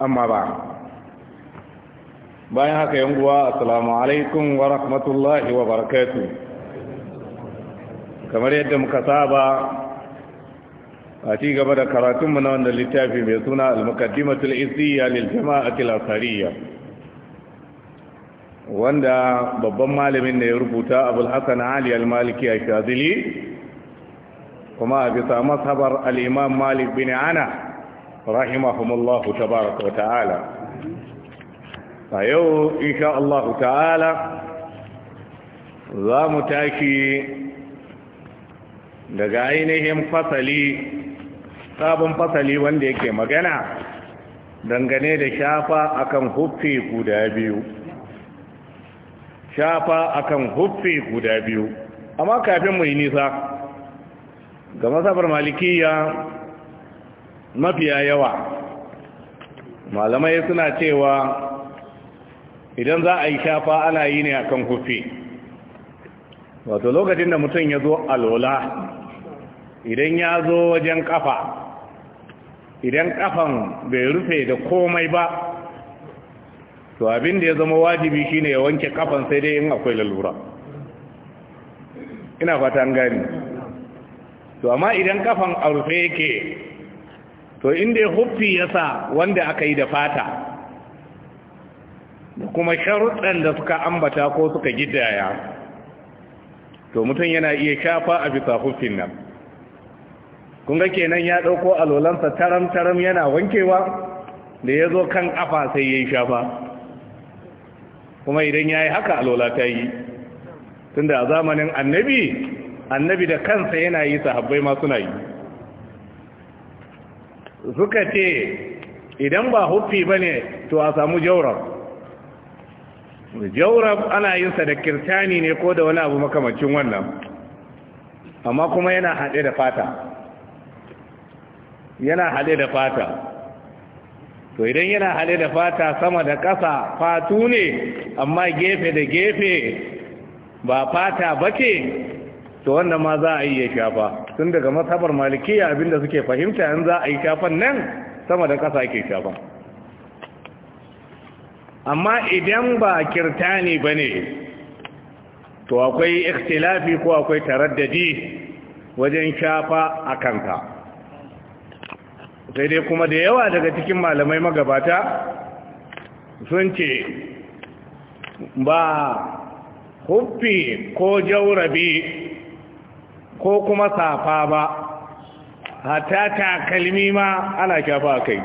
amma ba bayan haka yan guwa assalamu alaikum wa rahmatullahi wa barakatu kamar yadda muka saba a ci gaba da karatunmu na wanda littafi mai suna al-muqaddimatul isiyya lil jama'atil wanda babban malamin da ya rubuta abul hasan ali al-maliki al kuma a bisa masabar al-imam malik bin ana rahimahumullahu tabaraka wa ta'ala a yau insha Allah ta'ala za mu tashi daga ainihin fasali sabon fasali wanda yake magana dangane da shafa akan huffi guda biyu shafa akan huffi guda biyu amma kafin mu yi nisa ga masabar malikiya mafiya yawa malamai suna cewa idan za a yi shafa ana yi ne akan kufi wato lokacin da mutum ya zo alola idan ya zo wajen kafa idan kafan bai rufe da komai ba to abin da ya zama wajibi shine ya wanke kafan sai dai in akwai lalura ina fata an gani to amma idan kafan a rufe yake to inda ya huffi ya sa wanda aka yi da fata da kuma sharuɗan da suka ambata ko suka gidaya to mutum yana iya shafa a bisa huffin nan kunga kenan ya ɗauko alolansa taram-taram yana wankewa da ya zo kan ƙafa sai ya yi shafa kuma idan ya yi haka alola ta yi tunda a zamanin annabi annabi da kansa yana yi sahabbai ma suna yi suka ce idan ba huffi ba ne to a samu jaurab jaurab ana yin sa da kirtani ne ko da wani abu makamacin wannan amma kuma yana haɗe da fata yana haɗe da fata to idan yana haɗe da fata sama da ƙasa fatu ne amma gefe da gefe ba fata ba ce to wannan ma za a iya shafa tun daga masabar malikiya abinda suke fahimta yan za a yi shafan nan sama da ƙasa ake shafan amma idan ba kirtani ba ne to akwai ikhtilafi ko akwai taraddadi wajen shafa a kanka sai dai kuma da yawa daga cikin malamai magabata sun ce ba huffi ko jaurabi ko kuma safa ba hatta takalmi ma ana shafa kai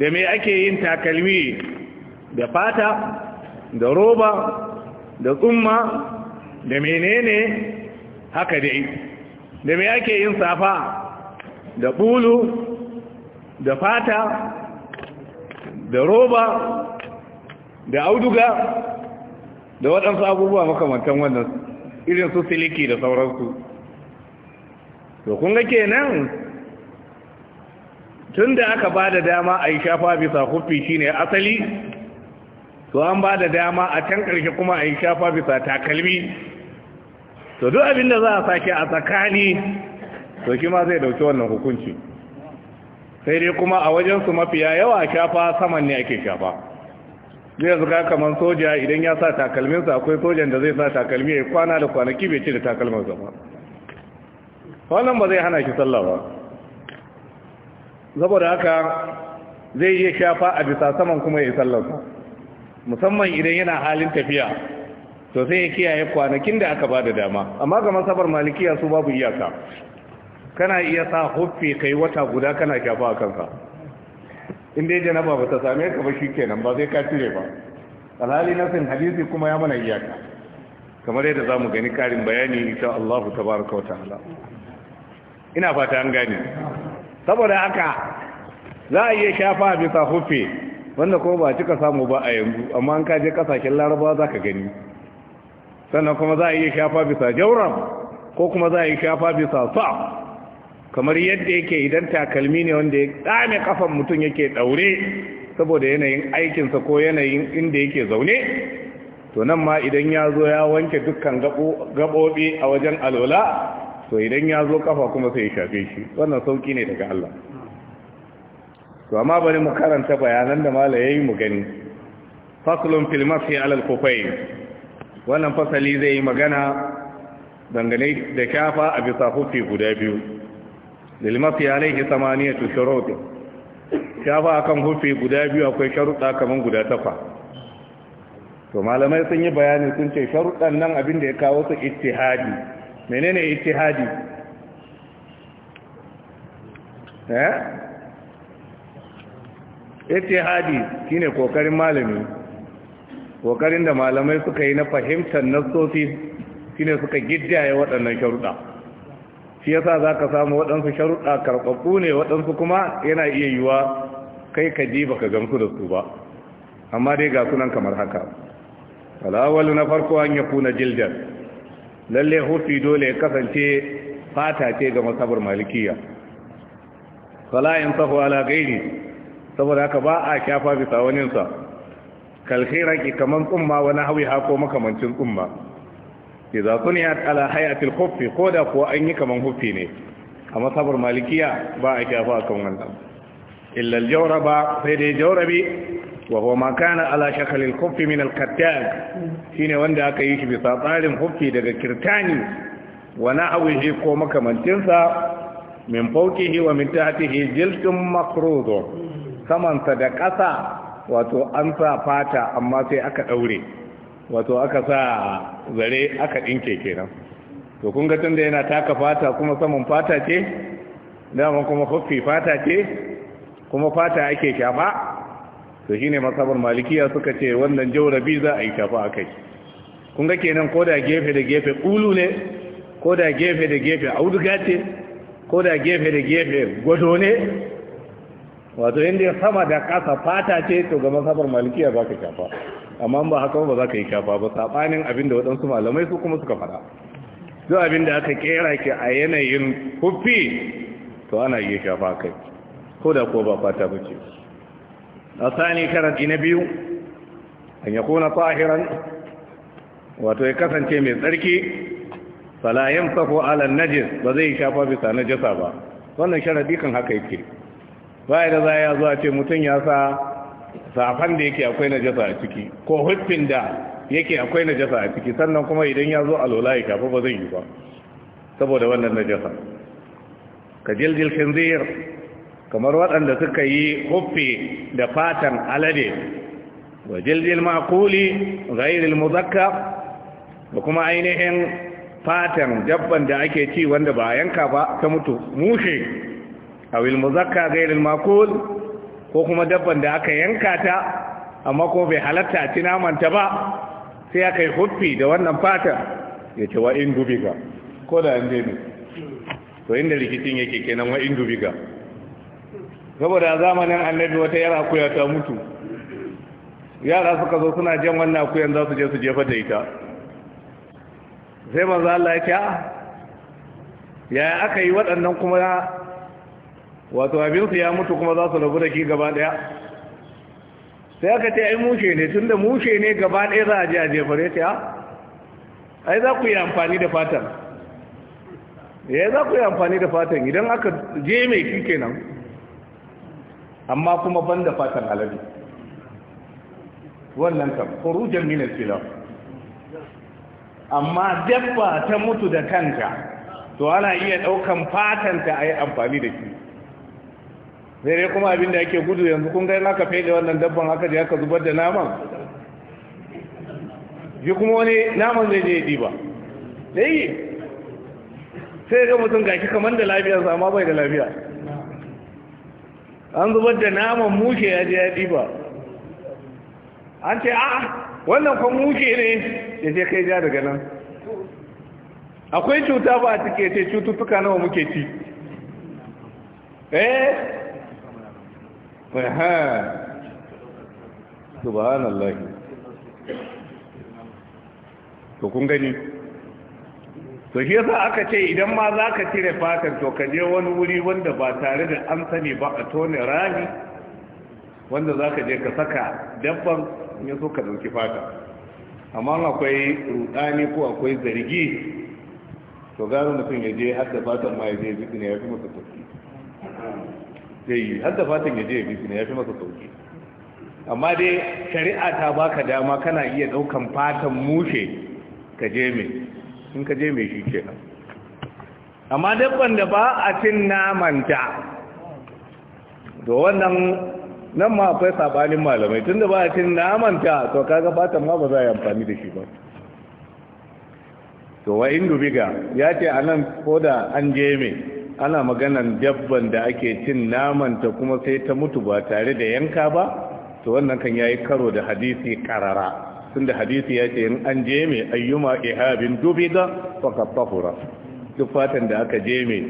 da me ake yin takalmi da fata da roba da tsumma da menene haka dai da me ake yin safa da bulu da fata da roba da auduga da waɗansu abubuwa makamantan wannan irin su siliki da sauransu to kun ga kenan tun da aka ba da dama a yi shafa bisa hufi shine asali to an ba da dama a can ƙarshe kuma a yi shafa bisa takalmi to duk abin da za a sake a tsakani to shi ma zai dauki wannan hukunci sai dai kuma a wajensu mafiya yawa shafa saman ne ake shafa zai yanzu ka kamar soja idan ya sa takalminsa akwai sojan da zai sa takalmi ya kwana da kwanaki bai ci da takalminsa ba wannan ba zai hana shi sallah ba saboda haka zai iya shafa a bisa saman kuma ya yi sallarsa musamman idan yana halin tafiya to sai ya kiyaye kwanakin da aka ba da dama amma ga masabar malikiya su babu iyaka kana iya sa huffi kai wata guda kana shafa a kanka in dai jana ba ta same ka ba kenan ba sai ka cire ba alhali na san hadisi kuma ya mana iyaka kamar yadda za mu gani karin bayani insha Allah tabaaraka ta'ala ina fata an gane saboda haka za a iya shafa bisa hufe wanda ko ba cika samu ba a yanzu amma an kaje kasashen laraba za ka gani sannan kuma za a iya shafa bisa jauram ko kuma za a iya shafa bisa sa kamar yadda yake idan takalmi ne wanda ya dame kafan mutum yake daure saboda yanayin aikinsa ko yanayin inda yake zaune to nan ma idan ya zo ya wanke dukkan gaɓoɓi a wajen alola to idan ya zo kafa kuma sai ya shafe shi wannan sauki ne daga Allah to amma bari mu karanta bayanan da mala yi mu gani faslun fil masih ala al wannan fasali zai yi magana dangane da kyafa a bisa hufi guda biyu lilmafi alaihi samaniyatu shurutin shafa akan hufi guda biyu akwai sharuɗa kaman guda takwa to malamai sun yi bayani sun ce sharuɗan nan abin da ya kawo su ittihadi menene ittihadi eh ittihadi shine kokarin malami kokarin da malamai suka yi na fahimtar nassosi shine suka giddaya waɗannan sharuɗa shi yasa za ka samu waɗansu sharuɗa karɓaɓɓu ne waɗansu kuma yana iya yiwuwa kai ka ji baka gamsu da su ba amma dai ga sunan kamar haka alawal na farko an ya kuna jildar lalle hufi dole ya kasance fata ce ga masabar malikiya salayin sahu ala gairi saboda haka ba a kyafa bisa waninsa kalkhiraki kamar tsumma wani hawi hako makamancin tsumma idza buniyat ala hayatil khuffi ko da kuwa an yi kaman huffi ne a masabar malikiya ba a kyafa kan wannan illa al sai dai jawrabi wa huwa ma kana ala shakal al min al shine wanda aka yi shi bisa tsarin huffi daga kirtani wa na'awihi ko makamantin sa min fawqihi wa min tahtihi jildun saman sa da ƙasa wato an sa fata amma sai aka daure wato aka sa zare aka ɗinke kenan to kun ga tunda yana taka fata kuma saman fata ce dama kuma faffi fata ce kuma fata ake shafa to shine masabar malikiya suka ce wannan jawrabi za a yi shafa a kai kun ga kenan ko da gefe da gefe ƙulu ne ko da gefe da gefe auduga ce ko da gefe da gefe gwado ne wato inda sama da ƙasa fata ce to ga masabar malikiya ba ka shafa amma ba haka ba za ka yi kafa ba saɓanin abin da waɗansu malamai su kuma suka faɗa duk abin da aka kera ke a yanayin hufi to ana yi kafa kai ko da ko ba fata ba ce a sani karar ina biyu an ya kuna tsahiran wato ya kasance mai tsarki salayen safo alan najis ba zai shafa bisa najasa ba wannan sharadi kan haka yake baya da za ya zuwa ce mutum ya sa safan da yake akwai na jasa a ciki ko huffin da yake akwai na jasa a ciki sannan kuma idan ya zo alola ya kafa ba zai yi ba saboda wannan na jasa. ka jiljil kinzir kamar waɗanda suka yi huffi da fatan alade wa jiljil makuli gairil muzakka da kuma ainihin fatan dabban da ake ci wanda ba yanka ba ta mutu mushe a muzakka gairil makul ko kuma dabban da aka yanka ta amma ko bai halatta a ci namanta ba sai aka yi huffi da wannan fatan ya ce wa'in dubiga ko da an daina to inda rikicin yake kenan wa'in dubiga saboda zamanin annabi wata yara akuya ta mutu yara suka zo suna jan wannan kuyan za su je su jefa da ita sai manzo Allah ya ce ah, ya aka yi waɗannan kuma wato abin su ya mutu kuma za su rabu da ki gaba daya sai aka ce ai mushe ne tun da mushe ne gaba daya za a je a jefare ta ai za ku yi amfani da fatan ya eh, za ku yi amfani da fatan idan aka je mai shi kenan amma kuma ban da fatan alabi wannan kam kurujan minas filar amma dabba ta mutu da kanta to ana iya ɗaukan fatanta a yi amfani da shi sai dai kuma abin da ake gudu yanzu kun ga aka fede wannan dabban haka je aka zubar da naman shi kuma wani naman zai je ba dai sai ga mutum gashi kamar da sa amma bai da lafiya an zubar da naman mushe ya je ya ba. an ce a'a wannan kwan mushe ne ya je kai ja daga nan akwai cuta ba a cike ce cututtuka nawa muke ci eh ha subhanallah to kun gani to shi yasa aka ce idan ma za ka cire fatar to ka je wani wuri wanda ba tare da an sani ba a tone rami wanda za ka je ka saka dabban ya so ka ɗauki fata amma akwai rudani ko akwai zargi to gano mutum ya je har da fatan ma ya je ya fi masa tafi zai yi har da fatan ya je ya bisina ya fi masa sauki amma dai shari'a ta baka dama kana iya daukan fatan mushe ka je mai in ka je mai shi nan amma dabban da ba a cin namanta to wannan nan ma akwai sabanin malamai tun da ba a cin namanta to kaga fatan ma ba za a yi amfani da shi ba to wa indu biga ya ce a nan ko da an je mai ana maganan dabban da ake cin namanta kuma sai ta mutu ba tare da yanka ba to wannan kan yayi karo da hadisi karara tunda hadisi ya ce in an je mai ayyuma ihabin dubida faqad tahura duk fatan da aka je mai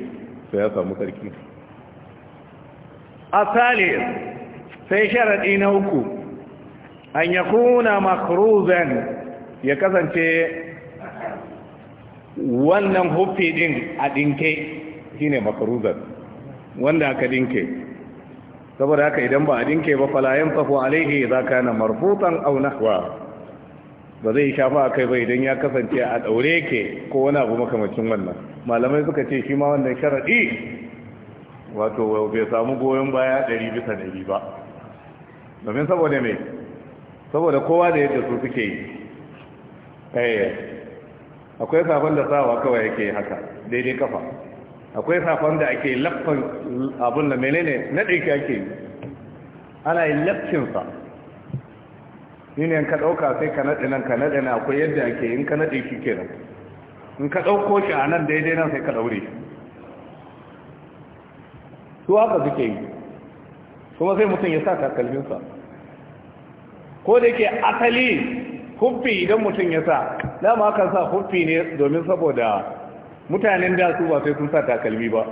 to ya samu sarki asali sai sharadi na uku an yakuna makruzan ya kasance wannan hufi din a dinke shine makaruzar wanda aka dinke saboda haka idan ba a dinke ba fala yanfahu alaihi ka yana marfutan auna. nahwa ba zai shafa a kai ba idan ya kasance a daure ke ko wani abu makamacin wannan malamai suka ce shi ma wannan sharaɗi. wato bai samu goyon baya ɗari bisa ɗari ba domin saboda me saboda kowa da yadda su suke yi eh, akwai kafin da sawa kawai yake haka daidai kafa akwai safon da ake laffan abin da menene na ɗaiki ake yi ana yi lafcinsa yi ne ka ɗauka sai ka naɗe nan ka naɗe na akwai yadda ake in ka naɗe shi kenan in ka ɗauko shi a nan daidai nan sai ka ɗaure shi su haka suke yi kuma sai mutum ya sa takalminsa ko da ke asali huffi idan mutum ya sa dama akan sa huffi ne domin saboda mutanen da su ba sai sun sa takalmi ba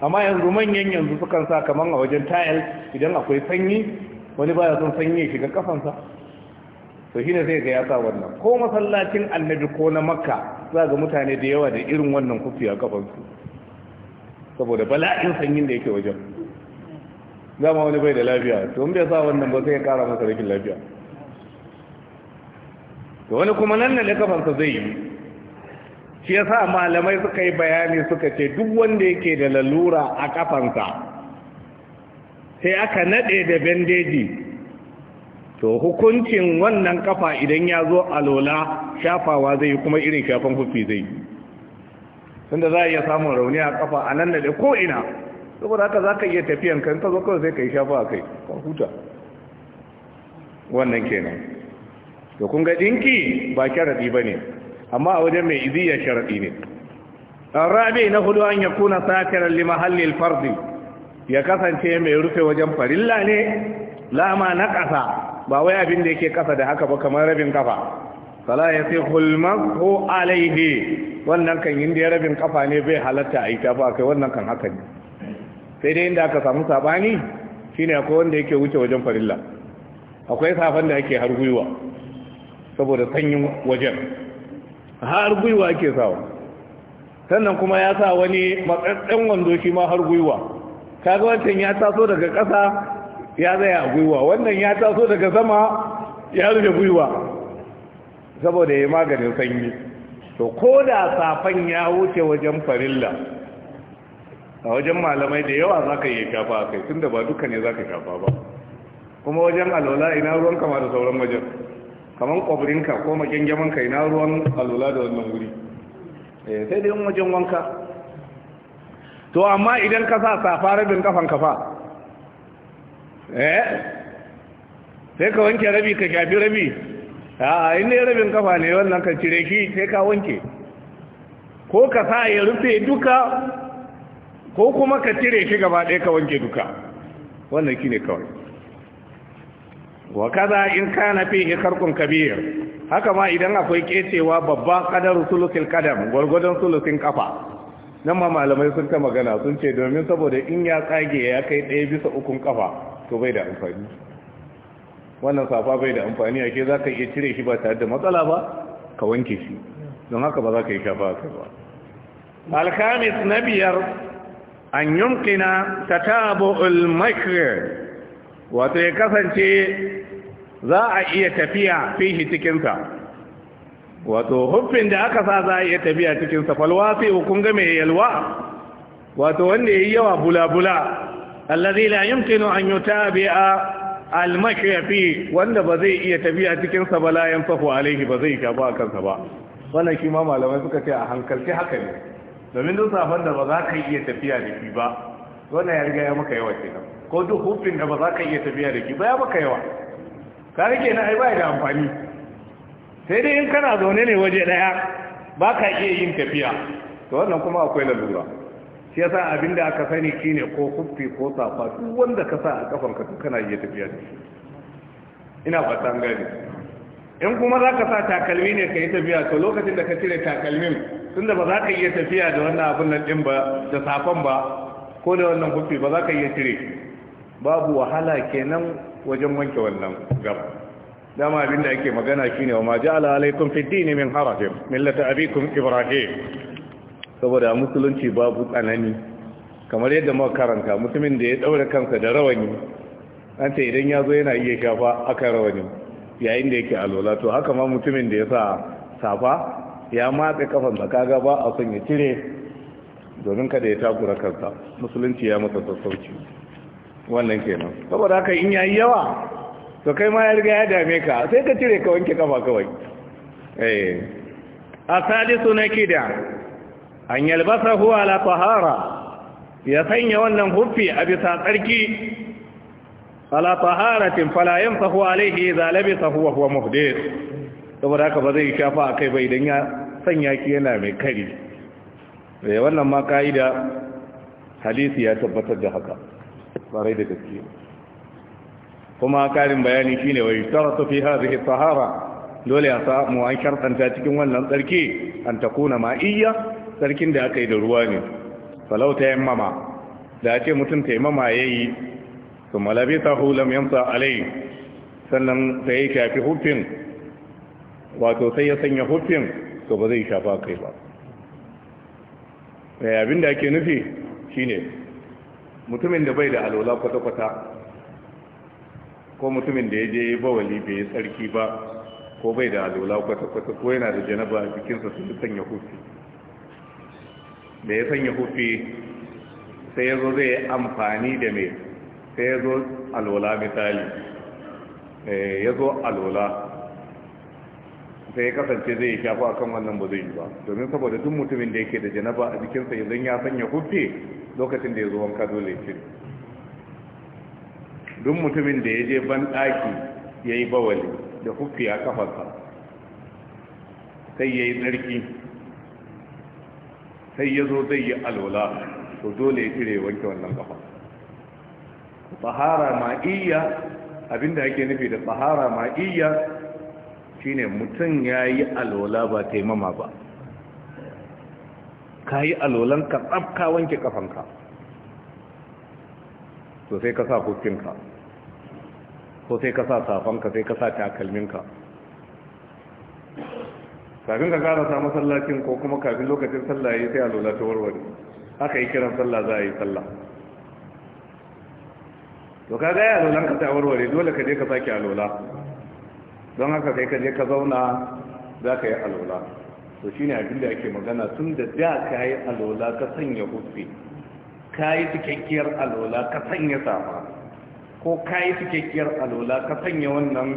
amma yanzu manyan yanzu sukan sa kaman a wajen tayal idan akwai sanyi wani baya son sanyi shiga kafansa to shine zai ga ya sa wannan ko masallacin annabi ko na makka za ga mutane da yawa da irin wannan kufi a kafansu saboda bala'in sanyin da yake wajen ma wani bai da lafiya to in bai sa wannan ba sai ya kara masa rikin lafiya to wani kuma nan ne kafansa zai yi shi sa malamai suka yi bayani suka ce duk wanda yake da lalura a kafansa sai aka nade da bandeji to hukuncin wannan kafa idan ya zo alola shafawa zai yi kuma irin shafan hufi zai yi da za a iya samun rauni a kafa a nan da ko ina saboda haka za ka iya tafiyan kan ta zo kawai sai ka yi shafa a kai ka huta wannan kenan to kun ga dinki ba kyaradi ba ne amma a wajen mai iziya sharaɗi ne rabi na hudu an ya kuna sakirar limahalli fardi ya kasance mai rufe wajen farilla ne lama na ƙasa ba wai abin da yake ƙasa da haka ba kamar rabin kafa sala ya sai hulman ko alaihe wannan kan yin da rabin kafa ne bai halatta a yi ba kai wannan kan haka ne sai dai inda aka samu sabani shine akwai wanda yake wuce wajen farilla akwai safan da ake har gwiwa saboda sanyin wajen har gwiwa ake sawa sannan kuma ya sa wani matsatsen wando shi ma har gwiwa kaga wancan ya taso daga ƙasa ya tsaya a gwiwa wannan ya taso daga sama ya rufe gwiwa saboda ya yi maganin sanyi to ko da safan ya wuce wajen farilla a wajen malamai da yawa za ka iya shafa a kai tun da ba duka ne za ka shafa ba kuma wajen alola ina ruwan kama da sauran wajen kamar ka ko magyangamanka ina ruwan alula da wannan wuri eh, sai dai wajen wanka to amma idan ka sa safa rabin kafan kafa eh sai ka wanke rabi ka shafi rabi a inda rabin kafa ne wannan ka cire shi sai ka wanke ko ka sa ya rufe duka ko kuma ka cire shi gaba ɗaya ka wanke duka wannan shi ne kawai wa kaza in kana fihi kharqun kabir haka ma idan akwai kecewa babba qadaru sulusil qadam gurgudan sulusin kafa nan ma malamai sun ta magana sun ce domin saboda in ya tsage ya kai ɗaya bisa ukun kafa to bai da amfani wannan safa bai da amfani ake za ka iya cire shi ba tare da matsala ba ka wanke shi don haka ba za ka yi kafa kai ba alkhamis na biyar an yumkina tatabu'ul makr wato ya kasance za a iya tafiya fihi cikinsa wato huffin da aka sa za a iya tafiya cikinsa falwa sai hukun ga mai yalwa wato wanda ya yi yawa bula-bula allazi la yumkinu an yutabi'a almashi fi wanda ba zai iya tafiya cikin sa ba la yanfahu alaihi ba zai gaba a kansa ba wannan shi ma malamai suka ce a hankalci haka ne domin duk safan da ba za ka iya tafiya da shi ba wannan ya riga ya maka yawa kenan ko duk hufin da ba za ka iya tafiya da shi ba ya maka yawa kaga na ai bai da amfani sai dai in kana zaune ne waje daya baka iya yin tafiya to wannan kuma akwai lalura shi yasa abinda aka sani shine ko kuffi ko safa duk wanda ka sa a kafan ka kana iya tafiya da shi ina fatan gani in kuma zaka sa takalmi ne ka yi tafiya to lokacin da ka cire takalmin tunda ba za ka iya tafiya da wannan abin nan din ba da safan ba ko da wannan kuffi ba za ka iya cire babu wahala kenan wajen wanke wannan gaba dama abin da ake magana shine wa ma ja'ala alaikum fiddi ne min harafin millata abikun ibrahim saboda musulunci babu tsanani kamar yadda muka karanta mutumin da ya daura kansa da rawani an ce idan ya zo yana iya shafa aka rawani yayin da yake alola to haka ma mutumin da ya sa safa ya matse da kaga ba a son ya cire domin kada ya takura kansa musulunci ya masa sassauci wannan kenan saboda haka in yayi yawa to kai ma ya riga ya dame ka sai ka cire ka wanke kafa kawai eh asadisu na kida an yalbasahu ala tahara ya sanya wannan huffi a bisa tsarki ala taharatin fala yamsahu alaihi idza labisa huwa huwa muhdith saboda haka ba zai shafa akai ba idan ya sanya ki yana mai kari eh wannan ma kaida hadisi ya tabbatar da haka tsarai da gaske kuma karin bayani shine wai taratu fi hadhihi tahara dole a samu an shartanta cikin wannan tsarki an takuna ma'iyya tsarkin da aka yi da ruwa ne falau ta yammama da a mutum ta yammama ya yi su malabi ta hulam yamsa alai sannan ta yi shafi hufin wato sai ya sanya hufin to ba zai shafa kai ba eh, abin da ake nufi shine mutumin da bai da alola kwata-kwata ko mutumin da ya je bawali bai yi tsarki ba ko bai da alola kwata-kwata ko yana da janaba a jikinsa sun sanya hufi da ya sanya hufi sai ya zo zai yi amfani da mai sai ya zo alola misali eh, ya zo alola sai ya kasance zai yi shafa akan wannan ba zai yi ba domin saboda duk mutumin da yake da janaba a jikinsa idan ya sanya hufi lokacin da ya zo wanka dole ya cire duk mutumin da ya je ban ɗaki ya yi bawali da kufi a kafarsa sai ya yi tsarki sai ya zo zai yi alwala to dole ya cire wanke wannan kafa tsahara ma'iyya abinda ake nufi da tsahara ma'iyya shine mutum ya yi alwala ba taimama ba ka yi alolanka tsabka wanke kafanka to sai ka sa hukunka ko sai ka sa safanka sai ka sa takalminka kafin ka karasa masallacin ko kuma kafin lokacin sallah ya yi sai alola ta warware aka yi kiran sallah za a yi sallah to ka gaya alolan ka ta warware dole ka je ka sake alola don haka sai ka je ka zauna za ka yi alola to shine abin da ake magana tun da da ka yi alola ka sanya hufi ka yi cikakkiyar alola ka sanya safa ko ka yi cikakkiyar alola ka sanya wannan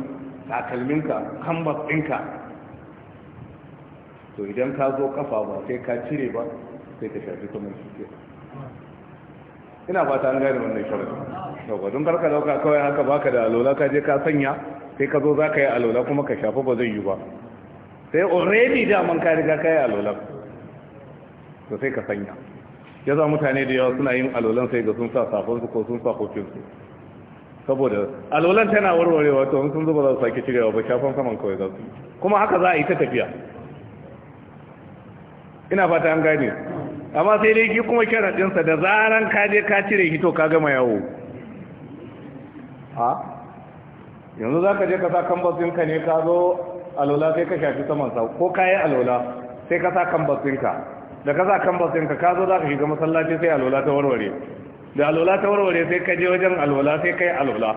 takalminka kambas ɗinka to idan ka zo kafa ba sai ka cire ba sai ka shafi kuma shi ina fata an gane wannan shirin yau don karka dauka kawai haka baka da alola ka je ka sanya sai ka zo za ka yi alola kuma ka shafi ba zai yi ba sai already daman ka riga ka alolan to sai ka sanya ya za mutane da yawa suna yin alolan sai ga sun sa su ko sun sa su saboda alolan tana warware wato sun zuba za su sake cirewa ba shafan saman kawai za su kuma haka za a yi ta tafiya ina fata an gane amma sai dai ki kuma sharaɗinsa da zaran ka je ka cire hito ka gama yawo ha yanzu za ka je ka sa kambasinka ne ka zo alola sai ka shafi saman sa ko kayi alola sai ka sa kambas ka da ka sa kambas ɗinka ka zo za ka shiga masallaci sai alola ta warware da alola ta warware sai ka je wajen alola sai ka yi alwala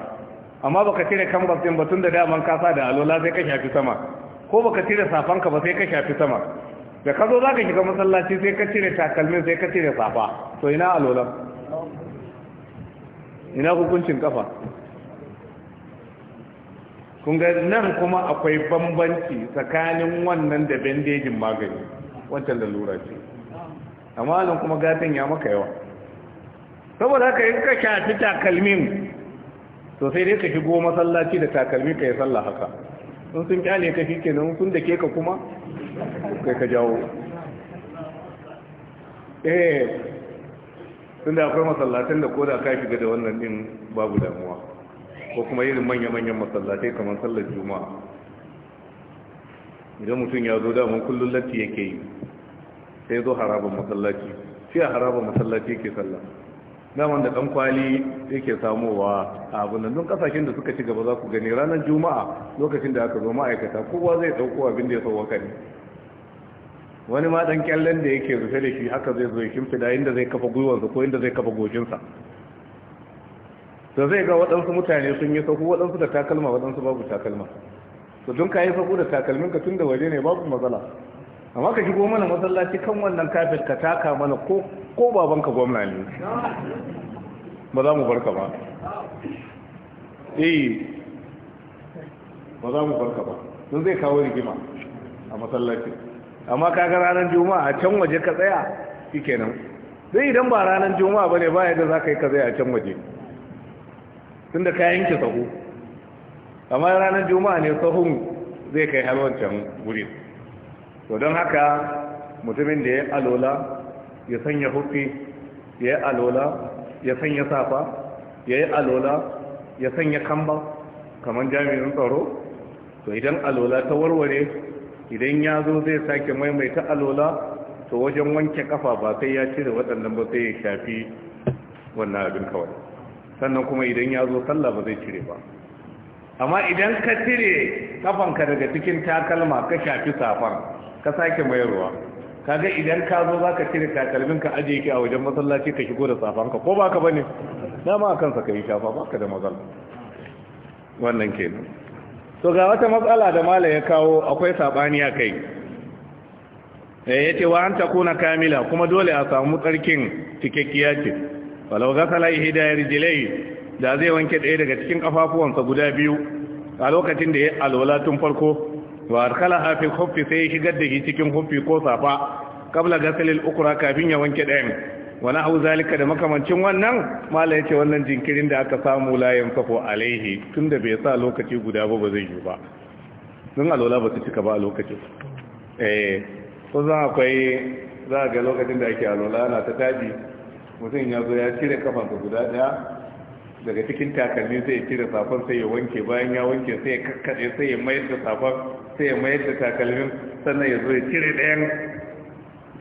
amma baka cire kambas ɗin ba tun da daman ka sa da alola sai ka shafi sama ko baka cire safanka ba sai ka shafi sama da ka zo za ka shiga masallaci sai ka cire takalmin sai ka cire safa to ina alola ina hukuncin kafa kun ga nan kuma akwai bambanci tsakanin wannan da bandejin magani wancan da lura ce amma nan kuma gatan ya maka yawa saboda haka in ka shafi takalmin to sai dai ka shigo masallaci da takalmi ka yi sallah haka sun sun kyale ka shi kenan sun da ke ka kuma kai ka jawo eh sun da akwai masallatan da koda ka shiga da wannan din babu damuwa ko kuma irin manya-manyan masallatai kamar sallar juma'a idan mutum ya zo daman kullum latti yake yi sai zo harabar masallaci Sai a harabar masallaci yake sallah daman da dan kwali yake samowa a abunan don kasashen da suka ci gaba za ku gani ranar juma'a lokacin da aka zo ma'aikata kowa zai dauko abin da ya sauwa ne wani ma dan kyallen da yake rufe da shi haka zai zo ya shimfida inda zai kafa gwiwarsa ko inda zai kafa gojinsa. to zai ga waɗansu mutane sun yi sahu waɗansu da takalma waɗansu babu takalma to don ka yi sahu da takalmin ka tun da waje ne babu matsala amma ka shigo mana masallaci kan wannan kafin ka taka mana ko ko babanka gwamna ne ba za mu barka ba eh ba za mu barka ba don zai kawo rigima a masallaci amma ka ga ranar juma'a a can waje ka tsaya shikenan zai idan ba ranar juma'a bane ba yadda za ka yi ka tsaya a can waje tun da ka yanke sahu amma ranar juma'a ne sahun zai kai har wancan wuri to don haka mutumin da ya alola ya sanya hufi ya yi alola ya sanya safa ya yi alola ya sanya kamba kamar jami'in tsaro to idan alola ta warware idan ya zo zai sake maimaita alola to wajen wanke kafa ba sai ya cire waɗannan ba sai ya shafi wannan abin kawai sannan kuma idan ya zo sallah ba zai cire ba amma idan ka cire kafanka daga cikin takalma ka shafi safar ka sake mayarwa kaga idan ka zo za ka cire takalmin ka ajiye ki a wajen masallaci ka shigo da safanka ko ba bane dama a kansa ka yi shafa baka da matsala wannan kenan to ga wata matsala da mala ya kawo akwai sabani a kai eh, ya ce wa an takuna kamila kuma dole a samu tsarkin cikakkiya ce falau gasala ihda Jilai da zai wanke ɗaya daga cikin kafafuwansa guda biyu a lokacin da ya alwala tun farko wa arkala hafi hufi sai ya shigar da cikin hufi ko safa kabla gasalil ukura kafin ya wanke ɗayan wani hau zalika da makamancin wannan mala ya ce wannan jinkirin da aka samu layan safo alaihi tun da bai sa lokaci guda ba ba zai yi ba don alwala ba su cika ba a lokacin eh kusan akwai za a ga lokacin da ake alwala na ta tabi mutum ya zo ya cire kafansa guda daya daga cikin takalmi sai ya cire safon sai ya wanke bayan ya wanke sai ya kakkaɗe sai ya mayar da safon sai ya mayar da takalmin sannan ya zo ya cire ɗayan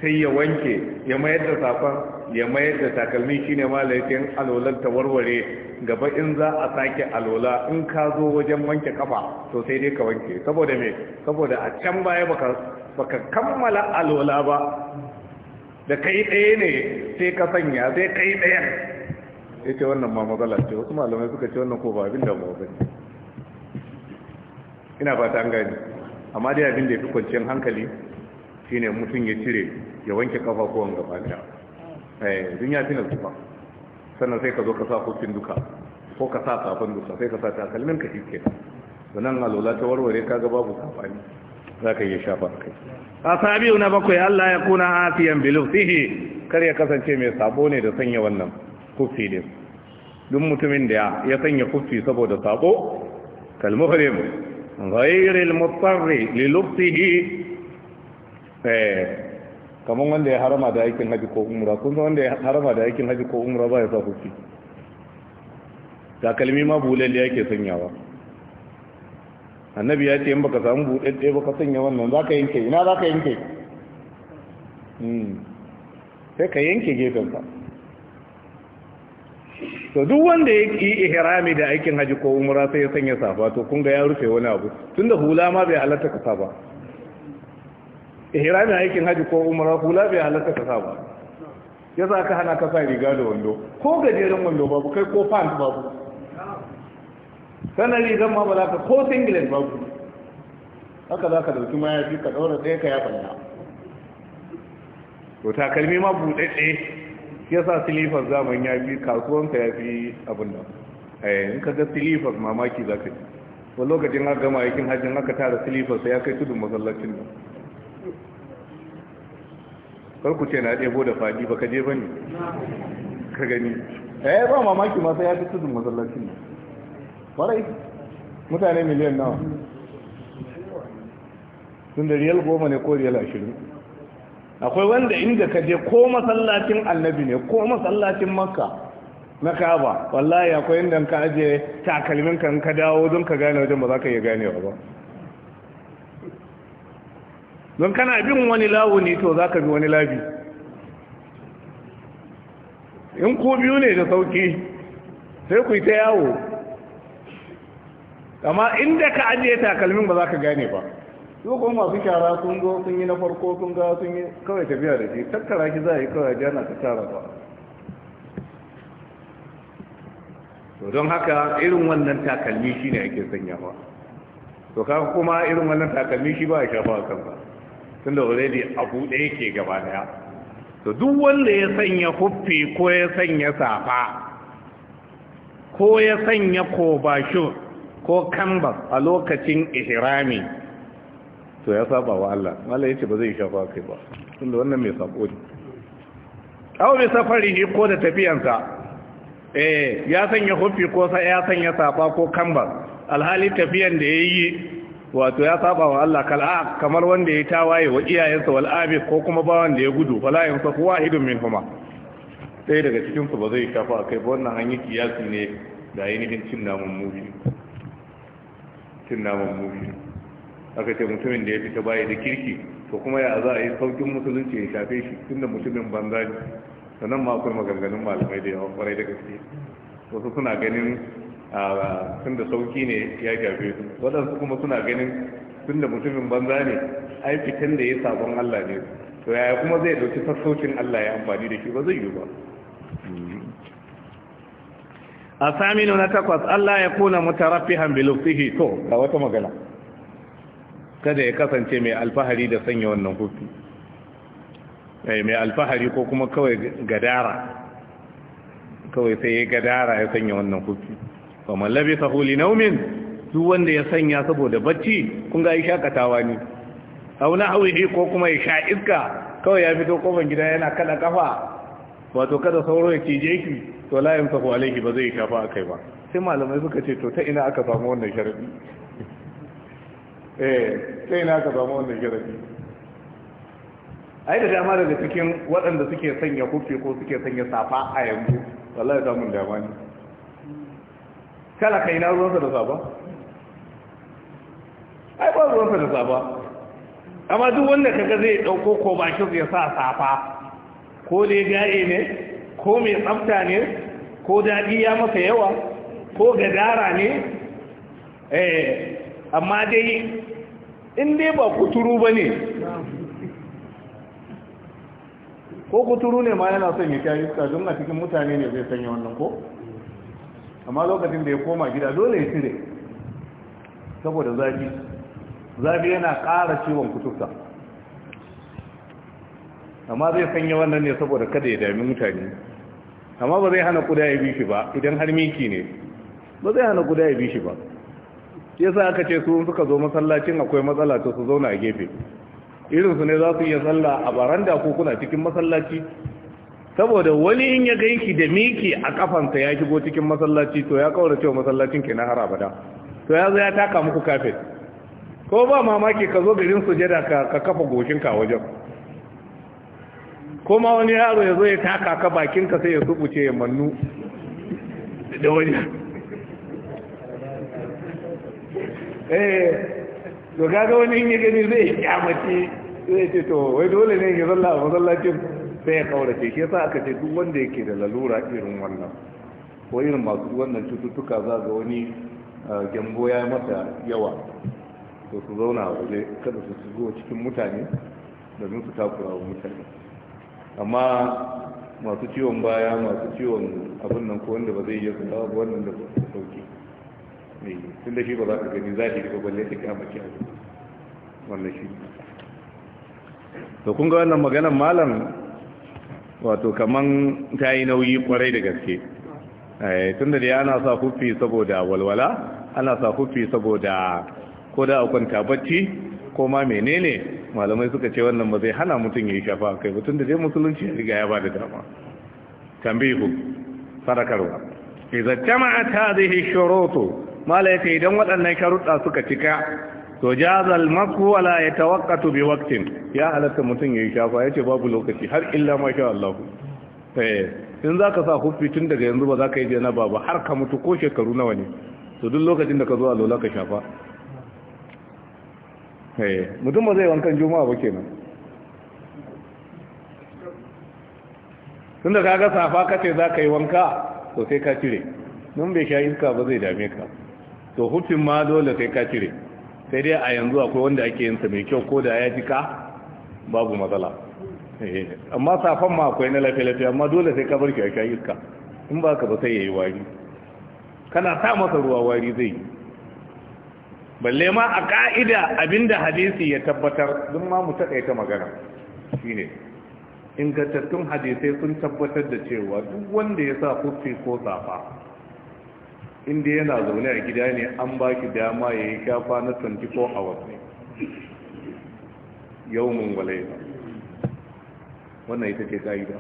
sai ya wanke ya mayar da safon ya mayar da takalmi shine ma laifin alolar ta warware gaba in za a sake alola in ka zo wajen wanke kafa to sai dai ka wanke saboda me saboda a can baya baka baka kammala alola ba da kai ɗaya ne sai ka sanya sai kai ɗaya ya ce wannan ma matsala ce wasu malamai suka ce wannan ko ba abin da ba ina fata an gani amma dai abin da ya fi kwanciyar hankali shine mutum ya cire ya wanke ba ta ɗin ya duniya na zuwa sannan sai ka zo ka sa kofin duka ko ka sa safan duka sai ka sa takalmin ka Ba sannan alwala ta warware kaga babu za ka iya shafa kai asabi'u na bakwai Allah ya kuna afiyan bilufsihi kar ya kasance mai sabo ne da sanya wannan kufi ne duk mutumin da ya sanya kufi saboda sabo kalmuhrim ghayril mutarri lilufsihi eh kaman wanda ya harama da aikin haji ko umra kun san wanda ya harama da aikin haji ko umra ba ya sa kufi takalmi ma bulalle yake sanyawa annabi ya ce in baka samu buɗaɗɗe ba ka sanya wannan za ka yanke ina za ka yanke hmm. sai ka yanke gefensa to duk wanda ya yi ihrami da aikin haji ko umra sai ya sanya safa to kun ga ya rufe wani abu tunda hula ma bai halatta ka saba ihrami aikin haji ko umra hula bai halatta ka saba ya za ka hana ka sa riga da wando ko gajeren wando babu kai ko pant babu sanari rigar ma ba za ka ko singlet ba ku haka za ka dauki mayafi ka daura ɗaya ka ya fanya to takalmi ma buɗaɗɗe ya sa silifar zaman ya fi kasuwanka ya fi abin nan eh, in ka ga silifar mamaki za ka yi wa lokacin haka gama yakin hajjin haka tara silifar sai ya kai tudun masallacin nan karku ce na ɗebo da fadi ba ka je ba ne ka gani ya eh, yi ba mamaki ma sai ya fi tudun masallacin nan kwarai mutane miliyan nawa sun da riyal goma ne ko riyal ashirin akwai wanda inda ka je ko masallacin annabi ne ko masallacin makka na kaba wallahi akwai inda ka aje takalmin kan ka dawo don ka gane wajen ba za ka iya ganewa ba don kana bin wani lawo ne to za ka bi wani labi in ko biyu ne da sauki sai ku yi ta yawo amma inda ka ajiye takalmin ba za ka gane ba su kuma masu shara sun zo sun yi na farko sun ga sun yi kawai tafiya da shi tattara shi za a yi kawai jana ta tara ba to don haka irin wannan takalmi shi ne ake sanya ba to kaga kuma irin wannan takalmi shi ba a shafa a kansa tun da already a buɗe yake gaba daya to duk wanda ya sanya huffi ko ya sanya safa ko ya sanya kobashin ko kanbas a lokacin ihrami to ya saba wa Allah Allah yace ba zai shafa kai ba tunda wannan mai sako ne aw bi safarihi ko da tafiyansa eh ya sanya hufi ko sai ya sanya safa ko kanbas, alhali tafiyan da yayi wato ya saba wa Allah a kamar wanda ya tawaye wa iyayensa wal abi ko kuma bawan da ya gudu fala yansafu wahidun huma Sai daga cikinsu ba zai shafa kai ba wannan hanyar kiyasi ne da ainihin cin namun mubi cin naman mushi aka ce mutumin da ya fita baya da kirki to kuma ya za a yi saukin musulunci ya shafe shi tunda mutumin banza ne sannan ma akwai maganganun malamai da yawa kwarai da gaske wasu suna ganin da sauki ne ya shafe su waɗansu kuma suna ganin da mutumin banza ne ai fitan da ya sabon Allah ne to yaya kuma zai ɗauki sassaucin Allah ya amfani da shi ba zai yi ba asaminu na takwas Allah ya kuna mutaraffihan bi lufsihi to ga wata magana kada ya kasance mai alfahari da sanya wannan hufi eh, mai alfahari ko kuma kawai gadara kawai sai ya gadara ya sanya wannan hufi ba mallabi labisa huli naumin duk wanda ya sanya saboda bacci kun ga shakatawa ne wani hawihi ko kuma ya sha iska kawai ya fito kofar gida yana kada kafa wato kada sauro ya je ki to la yamsahu alayhi ba zai kafa akai ba sai malamai suka ce to ta ina aka samu wannan sharadi eh ta ina aka samu wannan sharadi ai da dama daga cikin waɗanda suke sanya kufi ko suke sanya safa a yanzu wallahi samun dama ne kala kai na ruwansa da safa ai ba ruwansa da safa amma duk wanda kaga zai dauko ko bakin ya sa safa ko dai gaye ne ko mai tsafta ne ko daɗi ya masa yawa ko gadara ne eh amma dai in dai ba kuturu ba ne ko kuturu ne ma yana son ya kya suka, don a cikin mutane ne zai sanya wannan ko amma lokacin da ya koma gida dole ya cire saboda zafi zafi yana ƙara ciwon kuturta amma zai sanya wannan ne saboda kada ya dami mutane amma ba zai hana kuda ya bi shi ba idan har miki ne ba zai hana kuda ya bi shi ba yasa aka ce su suka zo masallacin akwai matsala to su zauna a gefe irin su ne za su iya sallah a baranda ko kuna cikin masallaci saboda wani in ya ganki da miki a kafansa ya shigo cikin masallaci to ya kaura cewa masallacin ke na har abada to ya zo ya taka muku kafet ko ba mamaki ka zo garin sujada ka kafa goshinka wajen ma wani yaro ya zo ya taka ka bakinka sai ya subuce ya mannu da wani eh to kaga wani in ya gani zai kyamace zai ce to wai dole ne ya zalla a masallacin sai ya kaurace shi yasa aka ce duk wanda yake da lalura irin wannan ko irin masu wannan cututtuka za ga wani eh, gyambo ya masa yawa to su zauna waje kada su shigo cikin mutane domin su takura wa mutane amma masu ciwon baya masu ciwon abin nan ko wanda ba zai iya kula ba wannan da sauki ne eh, tun da shi ba za ka gani zahiri yi babban ta kama ki abu wannan shi to kun ga wannan maganar malam wato kaman ta yi nauyi kwarai da gaske eh, tun da dai ana sa kufi saboda walwala ana sa kufi saboda ko da a kwanta bacci ko ma menene malamai suka ce wannan ba zai hana mutum ya yi shafa kai mutum da dai musulunci ya riga ya ba da dama tambihu sadakarwa idan jama'at hadhihi shurutu mala yace idan waɗannan sharuɗa suka cika to jazal masku wala yatawaqqatu bi waqtin ya halatta mutum ya yi shafa ya ce babu lokaci har illa ma sha Allah eh in zaka sa hufi tun daga yanzu ba za ka yi ba ba har ka mutu ko shekaru nawa ne to duk lokacin da ka zo a lola ka shafa mutum ba zai wankan juma'a ba kenan tun da ga safa kace za ka yi wanka to sai ka cire don bai sha iska ba zai dame ka to hutun ma dole sai ka cire sai dai a yanzu akwai wanda ake yinsa mai kyau ko da ya ji ka babu matsala eh, amma safan ma akwai na lafiya-lafiya amma dole sai ka bar shi a sha iska in ba ka ba sai ya yi wari kana sa masa ruwa wari zai yi balle ma a ka'ida abinda hadisi ya tabbatar don ma mu taƙaita magana ne. ingantattun hadisai sun tabbatar da cewa duk wanda ya sa kufi ko zafa inda yana zaune a gida ne an ba ki dama ya yi shafa na 24 hours ne yau mun ba, wannan ita ce ka'ida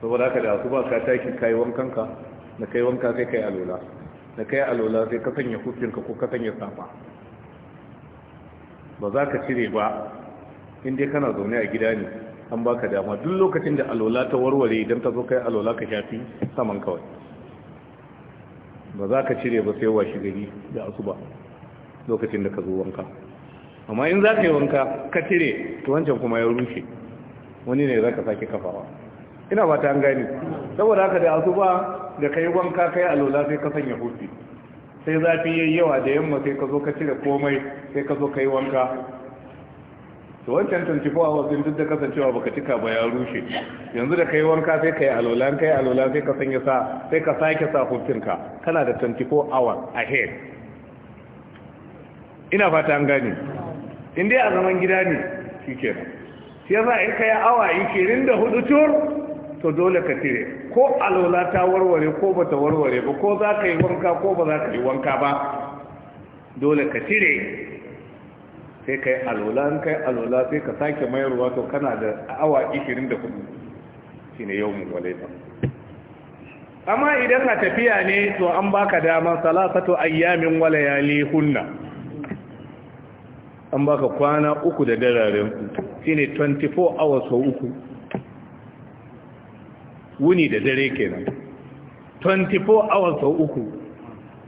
saboda haka da su ba ka taki kayi wankanka na kai wanka kai kai alola da kai alola sai ka sanya hukunka ko ka sanya safa ba za ka cire ba in dai kana zaune a gida ne an ba ka dama duk lokacin da alola ta warware idan ta zo kai alola ka shafi saman kawai ba za ka cire ba sai washe gari da asu ba lokacin da ka zo wanka amma in za ka yi wanka ka cire to wancan kuma ya rushe wani ne za ka sake kafawa ina ba ta an gani saboda haka da asu ba. da kai wanka kai alola sai ka sanya hutu, sai zafi yayi yawa da yamma sai ka zo ka cire komai sai ka zo kai wanka to wancan 24 hours din duk da kasancewa baka cika ba ya rushe yanzu da kai wanka sai kai alola kai alola sai ka sanya sa sai ka sake sa ka kana da 24 hours ahead ina fata an gane in dai a zaman gida ne shikenan sai za a yi kai awa 24 tur to dole ka cire ko alola ta warware ko ba ta warware ba ko za ka yi wanka ko ba za ka yi wanka ba dole ka cire sai ka yi alola in ka yi alola sai ka sake mayarwa to kana da awa 24 shi ne yau mun ba amma idan a tafiya ne to an baka daman salatatu ayyamin wala yali hunna an baka kwana uku da dararen shine 24 hours sau uku wuni da dare kenan 24 hours sau uku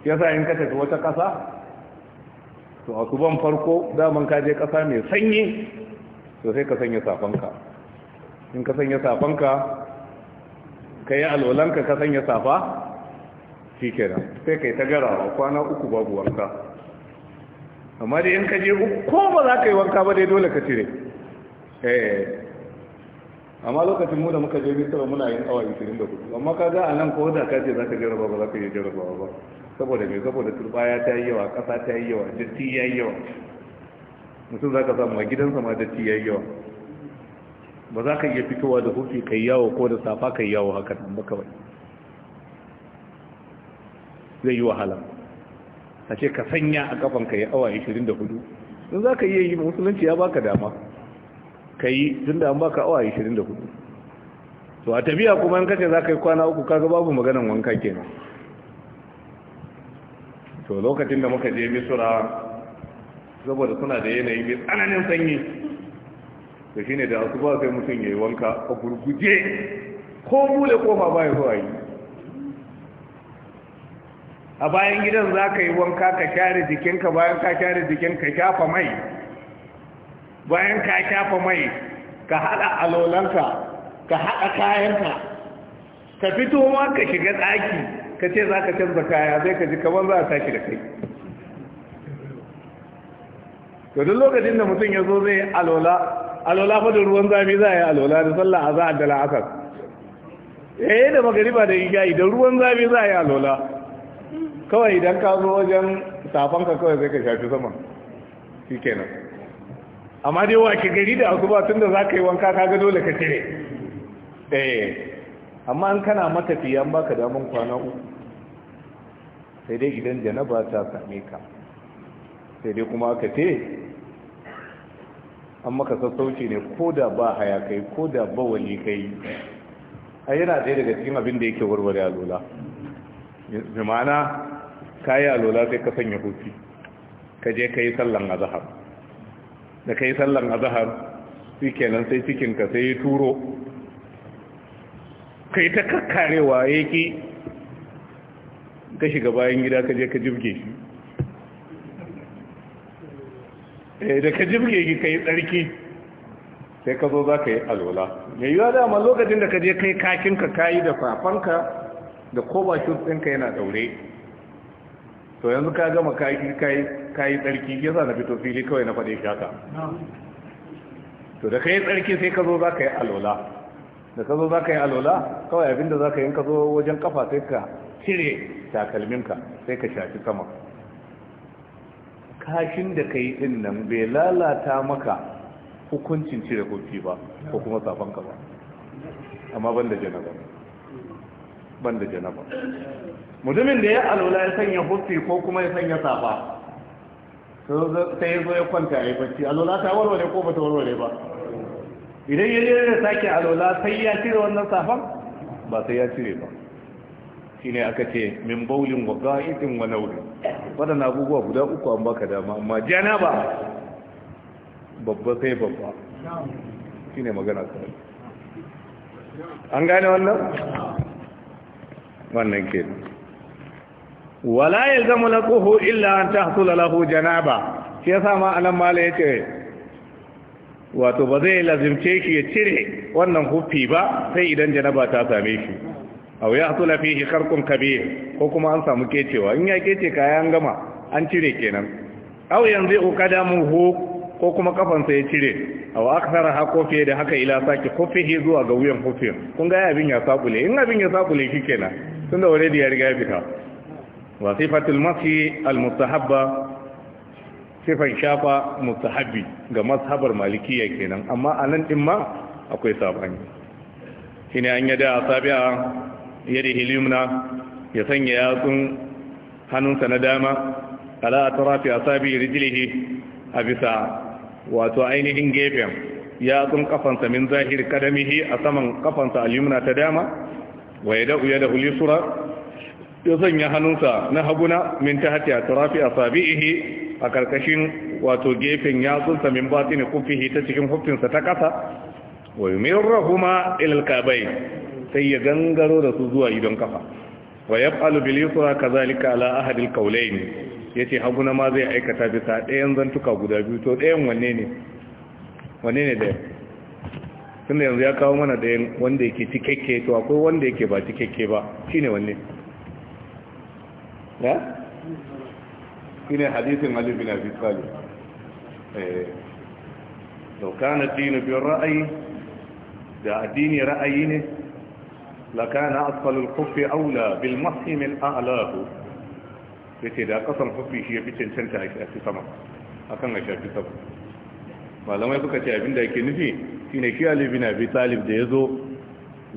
yasa in ka tafi wata ƙasa to a tuban farko daman kaje je ƙasa mai sanyi to sai ka sanya safanka in ka sanya safanka ka yi alwalanka ka sanya safa shi kenan sai ka yi ta garawa kwana uku babu wanka amma da yin ka je uku ko ba za ka yi wanka ba dai dole ka cire eh amma lokacin mu da muka je misira muna yin awa 24 amma ka ga a nan ko da ka ce za ka jaraba ba za ka yi jaraba ba saboda me saboda turbaya ta yi yawa ƙasa ta yi yawa datti ya yi yawa mutum za ka samu a gidansa ma datti ya yi yawa ba za ka iya fitowa da hufi kai yawo ko da safa kai yawo haka nan ba kawai zai yi wahala a ce ka sanya a kafan ka yi awa 24 in za ka iya yi musulunci ya baka dama ka yi tun da an baka awa 24 to a tafiya kuma an kace za ka yi kwana uku kaga babu maganan wanka kenan to lokacin da muka je misura saboda suna da yanayi mai tsananin sanyi to shine da su ba sai mutum ya yi wanka a gurguje ko bule kofa ba ya zuwa yi a bayan gidan za ka yi wanka ka share jikinka bayan ka share jikinka shafa mai bayan ka shafa mai ka haɗa alolanka ka haɗa kayanka ka fito ma ka shiga ɗaki ka ce za ka canza kaya zai ka ji kamar za a tashi da kai to duk lokacin da mutum ya zo zai alola alola fa da ruwan zafi za a yi alola da sallah a za'ad da la'asar eh da magariba da igayi da ruwan zafi za a yi alola kawai idan ka zo wajen safanka kawai zai ka shafi sama shi kenan amma dai wa ke gari da azuba tun da za ka yi wanka ka ga dole ka cire ɗaya eh, amma an kana matafiya an ka damun kwana uku sai dai idan janaba ta same ka sai dai kuma ka ce an maka sassauci ne ko da ba haya kai ko da ba wani kai a yana ɗaya daga cikin abin da yake warware alola bi ka yi alola sai ka sanya hutu ka je ka yi sallan azahar da kai sallan azhar kenan sai cikin ka sai ya turo kai ta kakkarewa yake ka shiga bayan gida ka je ka jibge shi eh da ka jibge shi kai tsarki sai ka zo za ka yi alwala mai yiwa dama lokacin da ka je kai kakinka yi da fafanka da koba shut ɗinka yana daure to yanzu ka gama kaki kai kayi tsarki ya za na fito fili kawai na faɗe shaka to da ka yi tsarki sai ka zo za ka yi alola da ka zo za ka yi alola kawai abinda za ka yi ka zo wajen kafa sai ka cire takalminka sai ka shafi sama kashin da ka yi ɗin nan bai lalata maka hukuncin cire kofi ba ko kuma safanka ba amma ban da janaba ban da janaba mutumin da ya alola ya sanya hufi ko kuma ya sanya safa sai ya zo ya kwanta ya bacci alola ta warware ko ba ta warware ba idan ya je da sake alola sai ya cire wannan safan ba sai ya cire ba Shi ne aka ce min baulin wa ga'itin wa naurin waɗanda abubuwa guda uku an baka dama amma jana ba babba sai babba Shi ne magana kawai an gane wannan wannan kenan wala ya zama yalzamu naquhu illa an ta tahsula lahu janaba shi yasa ma anan mala ce wato ba zai lazimce shi ya cire wannan hufi ba sai idan janaba ta same shi hasu lafi shi kharqun kabe ko kuma an samu kecewa in ya kece kayan gama an cire kenan au yanzu hu? ko kuma kafansa ya cire aka akthara hako fiye da haka ila saki kufihi zuwa ga wuyan hufin kun ga abin ya sabule in abin ya shi kenan tunda wani ya riga ya fita wa sifatul al-mustahabba sifan shafa mustahabbi ga mazhabar malikiya kenan amma a nan din ma akwai sabani shine an yada asabi'a yadi hilimna ya sanya yatsun hannunsa na dama ala atrafi asabi rijlihi a bisa wato ainihin gefen yatsun kafansa min zahir kadamihi a saman kafansa al-yumna ta dama wa yada'u yadahu lisura ya sanya hannunsa na haguna min ta hati a tarafi a a karkashin wato gefen yatsunsa min batini kufihi ta cikin hufinsa ta kasa wa rahuma ila alkabay sai ya gangaro da su zuwa idon kafa wa yaf'alu bil yusra kadhalika ala ne? Ya ce haguna ma zai aikata bisa ɗayan zantuka guda biyu to ɗayan wanne ne wanne ne tunda yanzu ya kawo mana ɗayan wanda yake cikakke to akwai wanda yake ba cikakke ba shine wanne ya shine hadisin Ali bin Abi Talib eh law kana dinu bi ra'ayi da addini ra'ayi ne la kana asfalul khuffi aula bil mashi min a'lahu yace da kasan khuffi shi yafi cancanta a shafi sama akan a shafi sama malamai suka ce abinda yake nufi shine shi Ali bin Abi Talib da yazo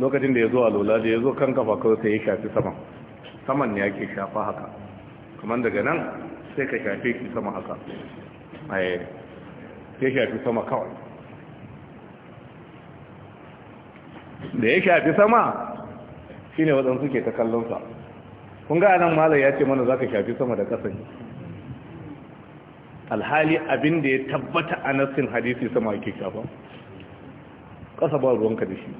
lokacin da yazo alola da yazo kan kafa kawai sai ya shafi sama saman ne ke shafa haka kamar daga nan sai ka shafe shi sama haka ai sai shafi sama kawai da ya shafi sama shi ne waɗansu ke ta kallonsa kun ga nan malar ya ce mana za ka shafi sama da ƙasa alhali abin da ya tabbata a nassin hadisi sama ke shafa ƙasa ba ruwanka da shi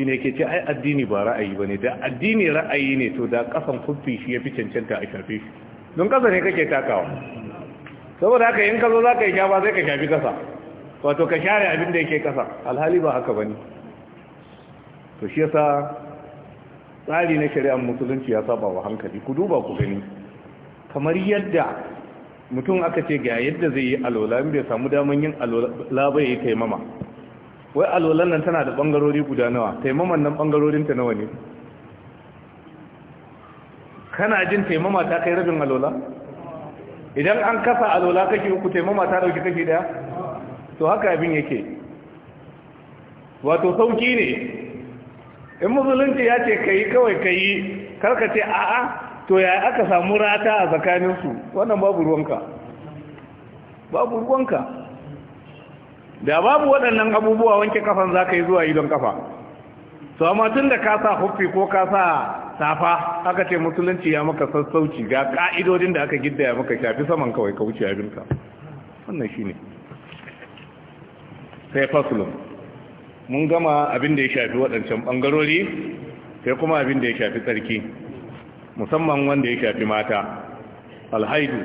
shi ne ke ce ai addini ba ra'ayi ba ne da addini ra'ayi ne to da ƙasan kufi shi ya fi cancanta a shafi shi don kasa ne kake takawa saboda haka yin kazo za ka yi shafa sai ka shafi kasa wato ka share abin da yake kasa alhali ba haka ba ne to shi yasa tsari na shari'ar musulunci ya saba wa hankali ku duba ku gani kamar yadda mutum aka ce ga yadda zai yi alola in bai samu daman yin alola bai ya yi taimama wai alwalan nan tana da bangarori guda nawa taimaman nan bangarorin ta nawa ne kana jin taimama ta kai rabin alwala idan an kasa alwala kake uku taimama ta dauki kake daya to haka abin yake wato sauki ne in musulunci ya ce kai kawai kai karka ce a'a to ya aka samu rata a tsakaninsu wannan babu ruwanka babu ruwanka da babu waɗannan abubuwa wanke kafan za ka yi zuwa idon kafa to amma tun da ka sa huffi ko ka sa safa aka ce musulunci ya maka sassauci ga ka'idodin da aka gidda ya maka shafi saman kawai ka wuce abinka wannan shi ne sai fasulun mun gama abin da ya shafi waɗancan ɓangarori sai kuma abin da ya shafi tsarki musamman wanda ya shafi mata alhaidu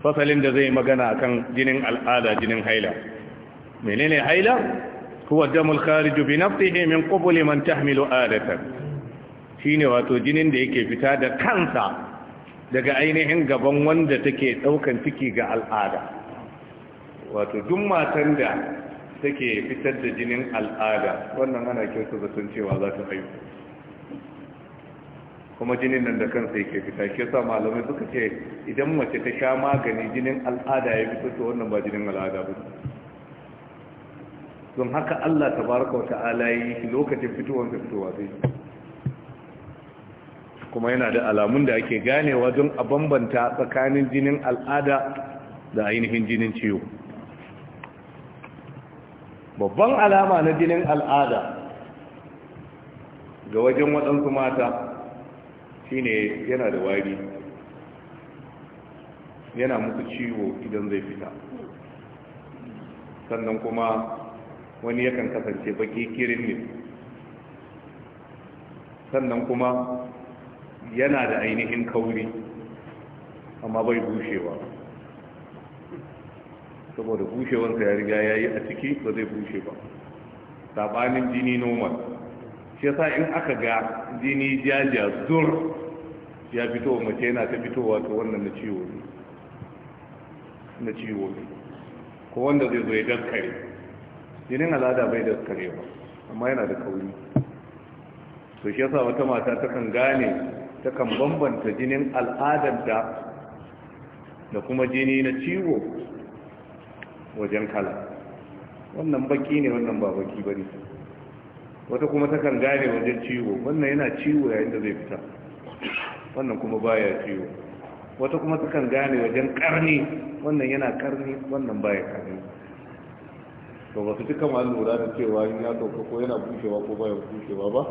fasalin da zai magana akan jinin al'ada jinin haila menene haila huwa damul khariju bi nafsihi min qubuli man tahmilu adatan shine wato jinin da yake fita da kansa daga ainihin gaban wanda take daukan ciki ga al'ada wato duk matan da take fitar da jinin al'ada wannan ana kyautu sun cewa za ta haihu kuma jinin nan da kansa yake fita ke sa malamai suka ce idan mace ta sha magani jinin al'ada ya fito to wannan ba jinin al'ada ba don haka Allah baraka wata alayi lokacin fitowar fitowa sai kuma yana da alamun da ake gane wajen a bambanta tsakanin jinin al'ada da ainihin jinin ciwo babban alama na jinin al'ada ga wajen waɗansu mata shine yana da wari yana musu ciwo idan zai fita sannan kuma wani yakan kasance baki kirin ne sannan kuma yana da ainihin kauri amma bai bushewa saboda bushewansa ya riga ya yi a ciki ba zai bushe ba sabanin jini noma. shi yasa in aka ga jini jaja zur ya fito mace yana ta fitowa ta wannan na ciwo ne ko wanda zai zo ya gaskare jinin al'ada bai da karewa amma yana da kauri to shi yasa wata mata ta kan gane ta kan bambanta jinin al'adar da da kuma jini na ciwo wajen kala wannan baki ne wannan ba baki bane wata kuma ta kan gane wajen ciwo wannan yana ciwo yayin da zai fita wannan kuma baya ciwo wata kuma ta kan gane wajen karni wannan yana karni wannan baya karni to ba su duka ma lura da cewa in ya ɗauka ko yana bushewa ko baya bushewa ba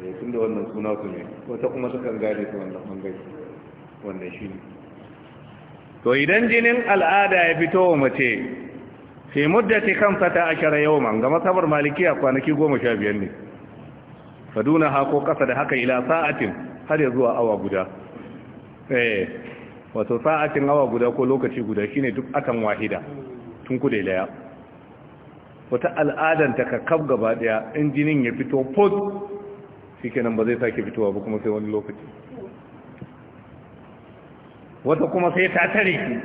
eh, tun da wannan suna su ne wata kuma su kan gane su wannan bangare wannan shi ne to idan jinin al'ada ya fito wa mace fi muddati kamsata ashara man ga masabar malikiya kwanaki goma sha biyar ne faduna ha ko kasa da haka ila sa'atin har ya zuwa awa guda eh, wato sa'atin awa guda ko lokaci guda shine duk akan wahida tun kudai daya wata al'adar ta kakkab gaba daya in jinin ya fito ke nan ba zai sake fitowa ba kuma sai wani lokaci wata kuma sai ta tare ki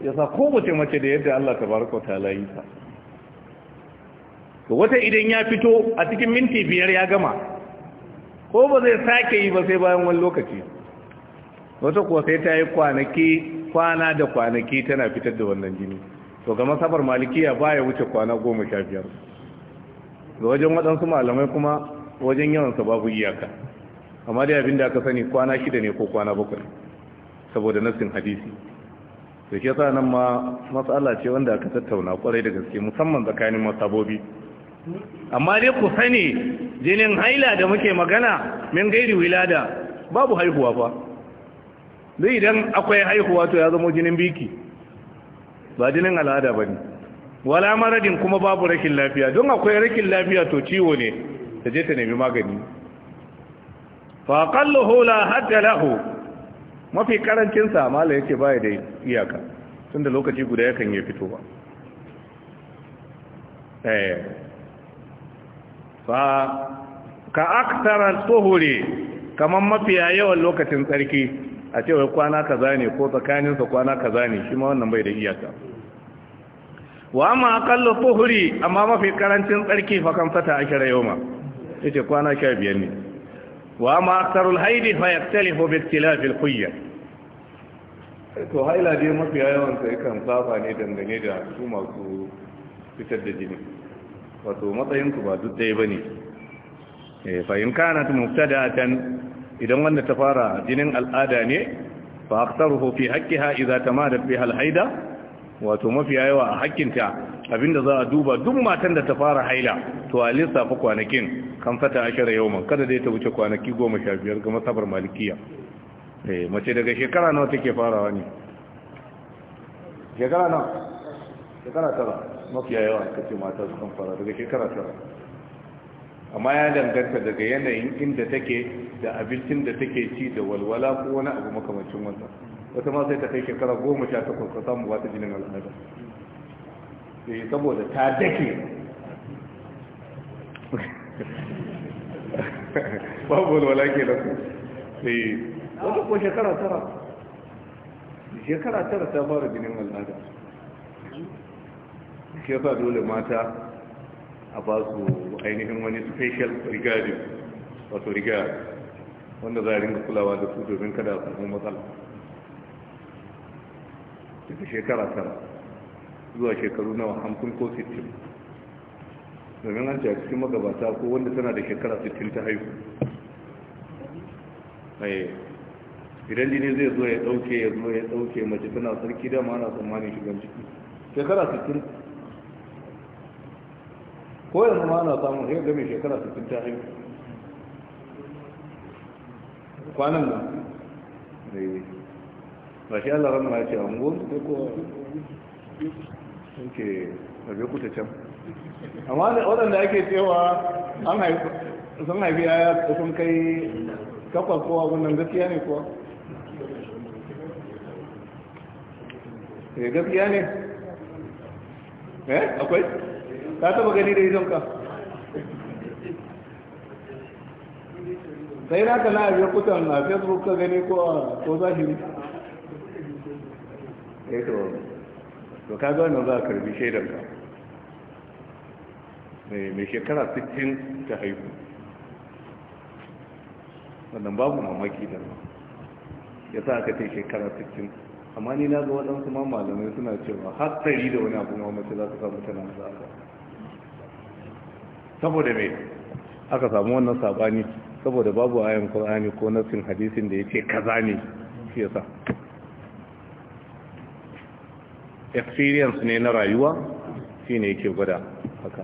Ya sa kowace mace da yadda Allah ta tabaraka ta layi ta wata idan ya fito a cikin minti biyar ya gama ko ba zai sake yi ba sai bayan wani lokaci wata kuwa sai ta yi kwanaki kwana da kwanaki tana fitar da wannan jini to ga masabar malikiya baya wuce kwana goma sha biyar ga wajen waɗansu malamai kuma wajen yawansa babu iyaka amma dai abin da aka sani kwana shida ne ko kwana bakwai saboda nassin hadisi da ke sa nan ma matsala ce wanda aka tattauna kwarai da gaske musamman tsakanin masabobi amma dai ku sani jinin haila da muke magana min gairi wilada babu haihuwa fa zai idan akwai haihuwa to ya zama jinin biki ba jinin al'ada ba ne wala maradin kuma babu rashin lafiya don akwai rakin lafiya to ciwo ne ta je ta nemi magani fa aqallu hula hatta lahu mafi karancin sa mala yace baya da iyaka tunda lokaci guda yakan yi fitowa eh fa ka aktara tuhuri kamar mafiya yawan lokacin tsarki a cewa kwana kaza ne ko tsakaninsa kwana kaza ne shi ma wannan bai da iyaka wa ma aqallu tuhri amma mafi karancin tsarki fa kan fata akira yawma yace kwana 15 ne wa ma aktharul haidi fa yaktalifu bi ikhtilaf al khuyya to haila dai mafi yawan sai kan saba ne dangane da su masu fitar da jini wato matsayin ku ba duk dai bane eh fa in kanat mubtada'atan idan wanda ta fara jinin al'ada ne fa aktharuhu fi haqqiha idza tamadat biha al haida wato mafiya yawa a hakkinta abinda za a duba duk matan da ta fara haila to a lissafa kwanakin kan fata ashara yawman kada dai ta wuce kwanaki goma sha biyar ga masabar malikiya eh mace daga shekara nawa take farawa ne shekara nawa shekara tara mafiya yawa ka ce mata su kan fara daga shekara tara amma ya danganta daga yanayin inda take da abincin da take ci da walwala ko wani abu makamancin wannan wata ma sai ta kai shekara goma sha takwas ta samu wata jinin al'ada sai eh, saboda ta dake babu walwala ke da ku sai wata ko shekara tara shekara tara ta fara jinin al'ada shi yasa dole mata a ba su ainihin wani special regarding wato riga wanda za a ringa kulawa da su domin kada su kuma matsala da shekara tara zuwa shekaru nawa hamsin ko sittin domin an ce a cikin magabata ko wanda tana da shekara sittin ta haihu eh, idan jini zai zo ya dauke ya zo ya dauke mace tana sarki dama ana tsammanin shigan ciki shekara sittin ko yanzu ma ana samun sai ga mai shekara sittin ta haihu kwanan nan eh. ba shi allah rama ya ce an gom ko ko ke rabe kuta can amma waɗanda ake cewa an haifi sun haifi yaya sun kai takwas kowa wannan gaskiya ne kuwa eh gaskiya ne eh akwai ka taba gani da idonka sai na ka na abin kutan a facebook ka gani ko a ko zahiri ya eh to to ka ga wannan a karbi eh, mai shekara 60 ta haihu wannan babu mamaki da ya sa aka tai shekara 60 amma ni na ga waɗansu ma malamai suna cewa har tsari da wani abu ma mace za ta samu tana zaka saboda me aka samu wannan sabani saboda babu ayan qur'ani ko nassin hadisin da ya ce kaza ne shi sa. experience ne na rayuwa shi ne yake gwada haka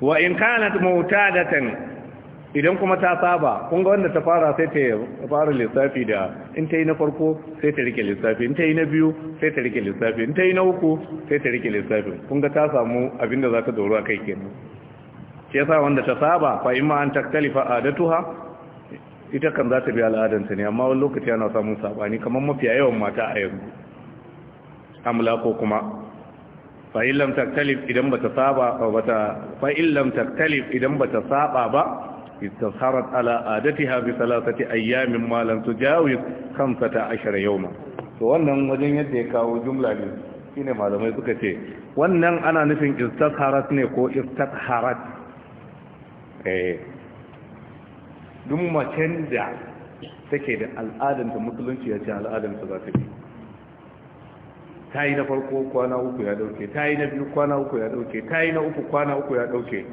wa in kanat mutadatan idan kuma ta saba kun ga wanda ta fara sai ta fara lissafi da in ta yi na farko sai ta rike lissafi in ta yi na biyu sai ta rike lissafi in ta yi na uku sai ta rike lissafi kun ga ta samu abinda za ta doro a kai kenan shi yasa wanda ta saba fa imma an taktalifa adatuha ita kan za ta bi al'adanta ne amma wani lokaci yana samun sabani kamar mafiya yawan mata a yanzu amla ko kuma fa'il taktalif idan bata saba ba ta fa'in lam taktalif idan bata saba ba istasharat ala adatiha bi salasati ayyamin ma lam tujawiz yau yawma to wannan wajen yadda ya kawo jumla ne shine malamai suka ce wannan ana nufin istasharat ne ko istasharat eh duk macen da take da al'adanta musulunci ya ce al'adanta za ta bi ta yi na farko kwana uku ya dauke ta yi na biyu kwana uku ya dauke ta yi na uku kwana uku ya dauke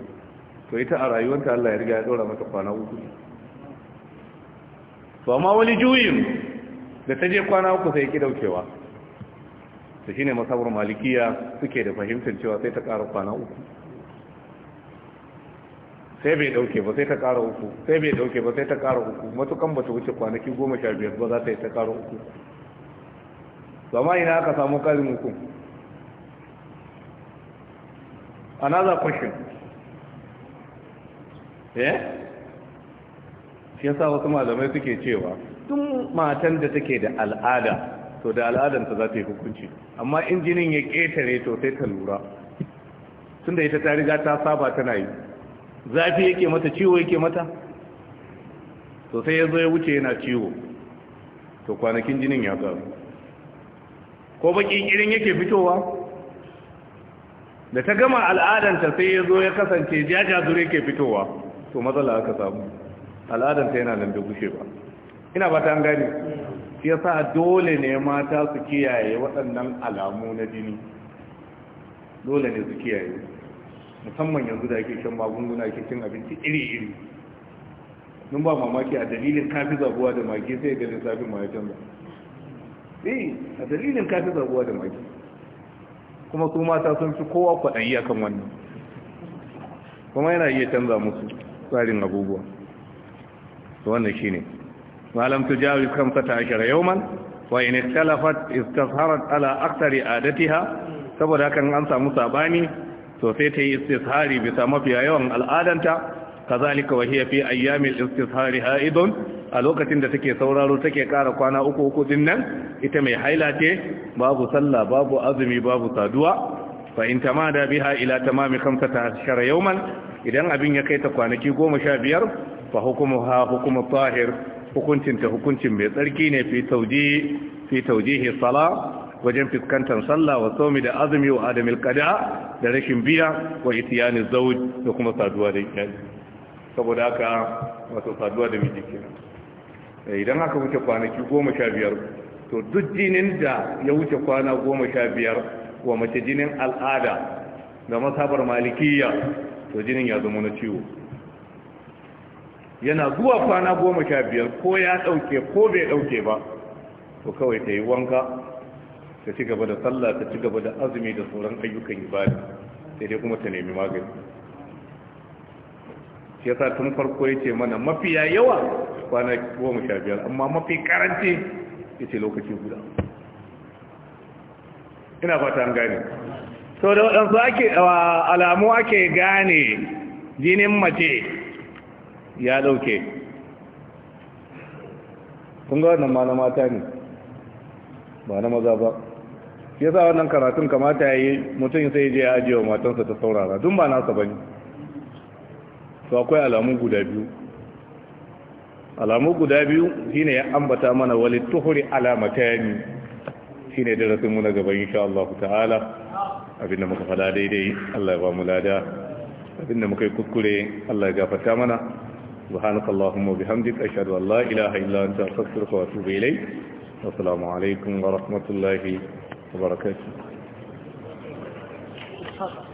to ita a rayuwanta Allah ya riga ya daura mata kwana uku to amma wani juyin da ta je kwana uku sai ki daukewa to shine masabar malikiya suke da fahimtar cewa sai ta kara kwana uku sai bai dauke ba sai ta kara uku sai bai dauke ba sai ta kara uku matukan ba ta wuce kwanaki goma sha biyar ba za ta yi ta kara uku zama ina aka samu kalin uku another question eh shi yasa wasu malamai suke cewa tun matan da take da al'ada to da ta za ta yi hukunci amma injinin ya ƙetare to sai ta lura tun da ita ta riga ta saba tana yi zafi yake mata ciwo yake mata to sai ya zo ya wuce yana ciwo to kwanakin jinin ya karu ko baki irin yake fitowa da ta gama al'adanta sai ya zo ya kasance jajazure ke fitowa to matsala aka samu al'adanta yana nan da gushe ba ina ba ta gani shi sa dole ne mata su kiyaye waɗannan alamu na jini dole ne su kiyaye musamman yanzu da ake shan magunguna ake cin abinci iri-iri nun ba mamaki a dalilin kafi zabuwa da maki sai ga lissafin ma ya canza eh a dalilin kafi zabuwa da maki. kuma su mata sun fi kowa kwaɗayi akan wannan kuma yana iya canza musu tsarin abubuwa to wannan shine malam tujawi kamsata ashara yawman wa in ikhtalafat istazharat ala aktsari adatiha saboda hakan an samu sabani so sai ta yi istishari bisa mafiya yawan al'adanta kazalika wa hiya fi ayyamil istishari haidun a lokacin da take sauraro take kara kwana uku uku din nan ita mai haila ce babu sallah babu azumi babu saduwa fa in tamada biha ila tamami 15 yawman idan abin ya kai ta kwanaki 15 fa hukumuha hukumu tahir hukuncin ta hukuncin mai tsarki ne fi tauji fi taujihi sala wajen fuskantar sallah wa saumi da azumi wa adamil qada da rashin biya wa itiyani zawj da kuma saduwa da iyali saboda haka wato saduwa da miji kenan eh, idan haka wuce kwanaki goma sha biyar to duk jinin da ya wuce kwana goma sha biyar wa mace jinin al'ada da masabar malikiya to jinin ya zama na ciwo yana zuwa kwana goma sha biyar ko ya ɗauke ko bai ɗauke ba to kawai ta yi wanka ta ci gaba da sallah ta ci gaba da azumi da sauran ayyukan ibada sai dai kuma ta nemi magani shi yasa tun farko ya ce mana mafiya yawa kwana goma sha biyar amma mafi karanci ya ce lokaci guda ina fata an gane sau da waɗansu ake alamu ake gane jinin mace ya ɗauke kun ga wannan ma na mata ne ba na maza ba shi yasa wannan karatun kamata ya yi mutum sai je ya ajiye wa matansa ta saurara dun ba nasa bane Su akwai alamu guda biyu alamu guda biyu shine ya ambata mana wali tuhuri alamatani shine darasin mu na gaba insha Allah ta'ala abinda muka fada daidai Allah ya ba mu lada abinda muka yi kuskure Allah ya gafarta mana subhanakallahumma bihamdika ashhadu an la ilaha illa anta astaghfiruka wa atubu ilayk assalamu alaikum wa rahmatullahi وبركاته